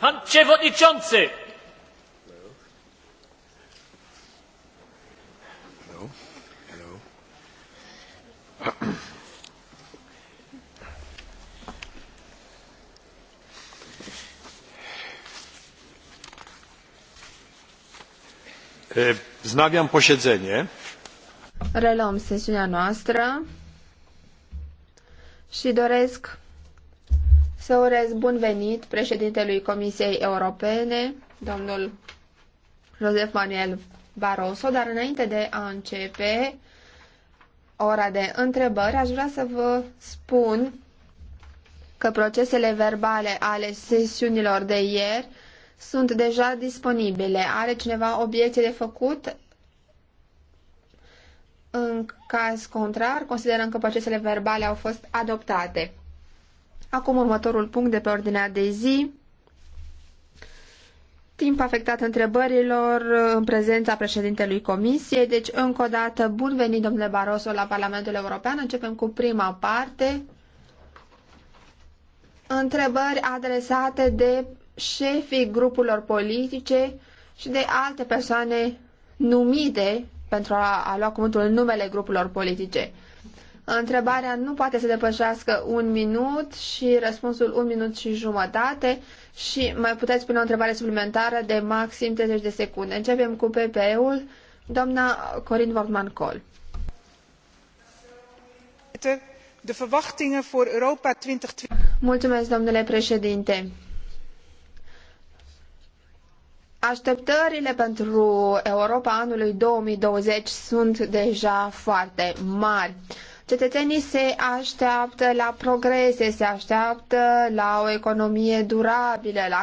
Pan Przewodniczący! Hello, hello. No. Wznawiam posiedzenie. Reluăm sesiunea noastră și doresc să urez bun venit președintelui Comisiei Europene, domnul Josef Manuel Barroso, dar înainte de a începe ora de întrebări, aș vrea să vă spun că procesele verbale ale sesiunilor de ieri sunt deja disponibile. Are cineva obiecție de făcut? În caz contrar, considerăm că procesele verbale au fost adoptate. Acum următorul punct de pe ordinea de zi. Timp afectat întrebărilor în prezența președintelui Comisiei. Deci, încă o dată, bun venit, domnule Barroso, la Parlamentul European. Începem cu prima parte. Întrebări adresate de șefii grupurilor politice și de alte persoane numite pentru a, a lua cuvântul în numele grupurilor politice. Întrebarea nu poate să depășească un minut și răspunsul un minut și jumătate și mai puteți pune o întrebare suplimentară de maxim 30 de secunde. Începem cu PPE-ul, doamna Corin Wortman-Col. De verwachtingen voor Europa 2020. Mulțumesc, domnule președinte. Așteptările pentru Europa anului 2020 sunt deja foarte mari. Cetățenii se așteaptă la progrese, se așteaptă la o economie durabilă, la